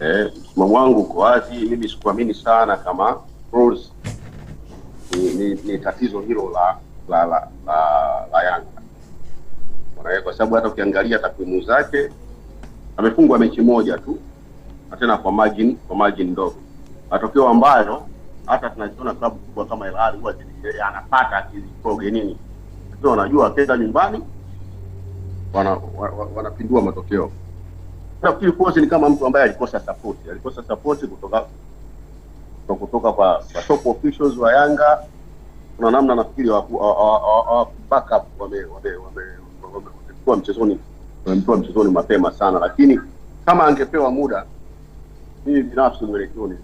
eh, msimamo wangu uko wazi. Mimi sikuamini sana kama Rose ni, ni, ni tatizo hilo la la la, la, la Yanga Manae, kwa sababu hata ukiangalia takwimu zake amefungwa mechi moja tu na tena kwa margin kwa margin ndogo, matokeo ambayo hata tunaziona klabu kubwa kama Al Ahly huwa eh, anapata akizitoa ugenini, wanajua wakenda nyumbani wanapindua wana, wana matokeo nafikiri Coach ni kama mtu ambaye alikosa support, alikosa support kutoka kwa kutoka kwa, kwa top officials wa Yanga. Kuna namna nafikiri wa, wa, wa, wa, backup hawakubackup, wamekuwa mchezoni, wamemtoa mchezoni mapema sana, lakini kama angepewa muda, mimi binafsi mwelekeo ni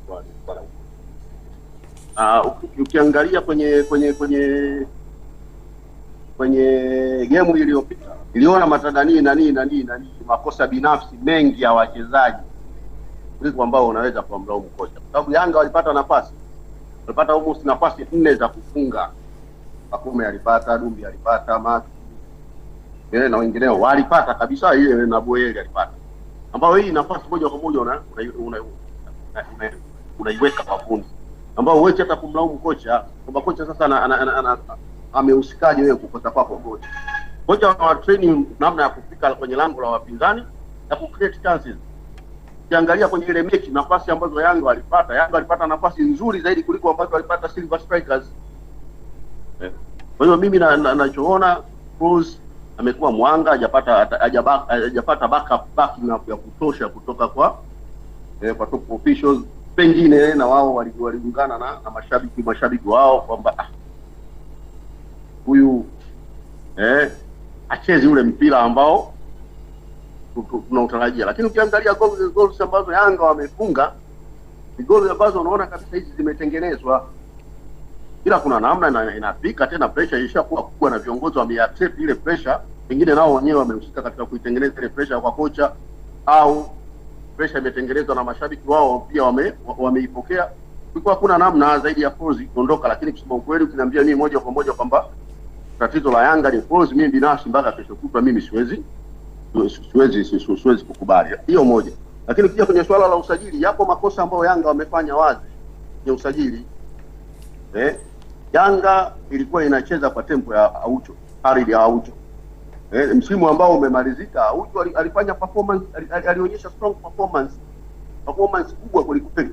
Uh, ukiangalia kwenye kwenye kwenye kwenye game iliyopita iliona matadani nani nani nani makosa binafsi mengi ya wachezaji kuliko ambao unaweza kumlaumu kocha, kwa sababu Yanga walipata nafasi, walipata almost nafasi nne za kufunga. Akume alipata, Dumbi alipata, Maki yeye na wengineo walipata kabisa, ile na Boyeli alipata, ambao hii nafasi moja kwa moja una una una unaiweka kwa fundi, ambao huwezi hata kumlaumu kocha kwamba kocha sasa ana, ana, ana, ana, ana, amehusikaje wewe kukosa kwako kocha moja wa training namna ya kufika kwenye lango la wapinzani na ku create chances. Ukiangalia kwenye ile mechi nafasi ambazo Yanga walipata, Yanga walipata nafasi nzuri zaidi kuliko ambazo walipata Silver Strikers. Eh, kwa hiyo mimi nachoona na, na Cruz amekuwa mwanga, hajapata hajapata backup backing up ya kutosha kutoka kwa eh, kwa top officials pengine na wao waliungana na, na mashabiki mashabiki wao kwamba ah, huyu eh, achezi ule mpira ambao tunautarajia, lakini ukiangalia goals goals ambazo Yanga wamefunga ni goals ambazo unaona kabisa hizi zimetengenezwa, ila kuna namna inafika tena, pressure kuwa kubwa na viongozi wameaccept ile pressure, pengine nao wenyewe wamehusika katika kuitengeneza ile pressure kwa kocha, au pressure imetengenezwa na mashabiki wao pia wame, wameipokea. Kulikuwa hakuna namna zaidi ya Folz kuondoka, lakini kusema ukweli, ukiniambia mimi moja kwa moja kwamba tatizo la Yanga ni lifozi, mimi binafsi mpaka kesho kutwa mimi siwezi siwezi siwezi kukubali hiyo moja. Lakini kija kwenye swala la usajili, yapo makosa ambayo Yanga wamefanya wazi kwenye usajili eh? Yanga ilikuwa inacheza kwa tempo ya Aucho, ardhi ya Aucho eh, msimu ambao umemalizika Aucho alifanya performance, alionyesha strong performance performance kubwa kuliko kweli.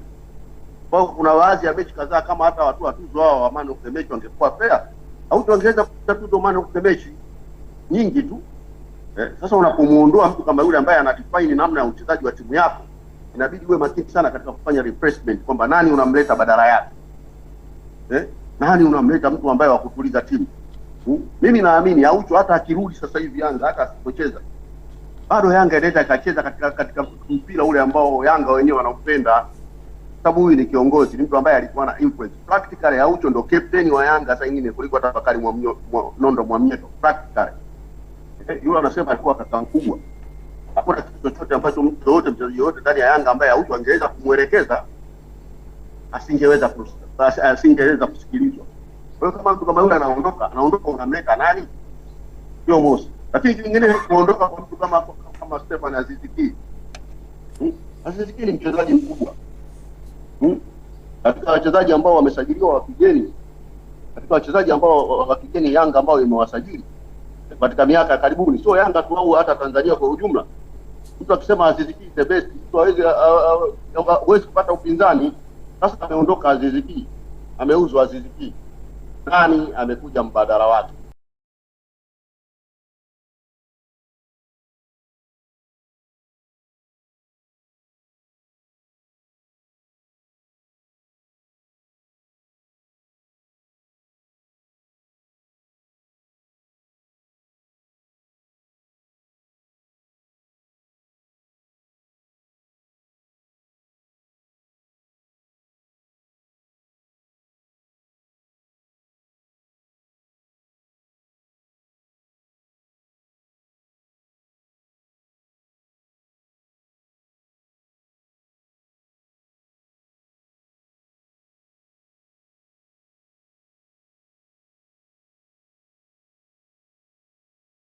Kwa kuna baadhi ya mechi kadhaa kama hata watu watuzo wao wa man of the match wangekuwa fair Auto angeweza kukuta tu ndio maana nyingi tu. Eh, sasa unapomuondoa mtu kama yule ambaye ana define namna ya uchezaji wa timu yako, inabidi uwe makini sana katika kufanya replacement kwamba nani unamleta badala yake. Eh? Nani unamleta mtu ambaye wakutuliza timu? Hmm? Mimi naamini Aucho hata akirudi sasa hivi Yanga hata asipocheza bado Yanga inaweza ikacheza katika katika mpira ule ambao Yanga wenyewe wanaupenda sababu huyu ni kiongozi, ni mtu ambaye alikuwa na influence practically. Aucho ndo captain wa Yanga sasa ingine kuliko hata Bakari Mwamnyo, mwa, Nondo Mwamnyeto practically. Eh, yule anasema alikuwa kaka mkubwa. Hakuna kitu chochote ambacho mtu yote mchezaji yote ndani ya Yanga ambaye Aucho angeweza kumwelekeza asingeweza asingeweza kusikilizwa. Kwa hiyo kama mtu kama yule anaondoka, anaondoka unamleta nani? Sio mosi. Lakini kingine kuondoka kwa mtu kama kama Stefan Aziziki. Hmm? Aziziki ni mchezaji mkubwa katika wachezaji ambao wamesajiliwa wa kigeni, katika wachezaji ambao wa kigeni Yanga ambao imewasajili katika miaka ya karibuni, sio Yanga tu au hata Tanzania kwa ujumla, mtu akisema Aziz Ki the best, mtu hawezi hawezi kupata upinzani. Sasa ameondoka Aziz Ki, ameuzwa Aziz Ki, nani amekuja mbadala wake?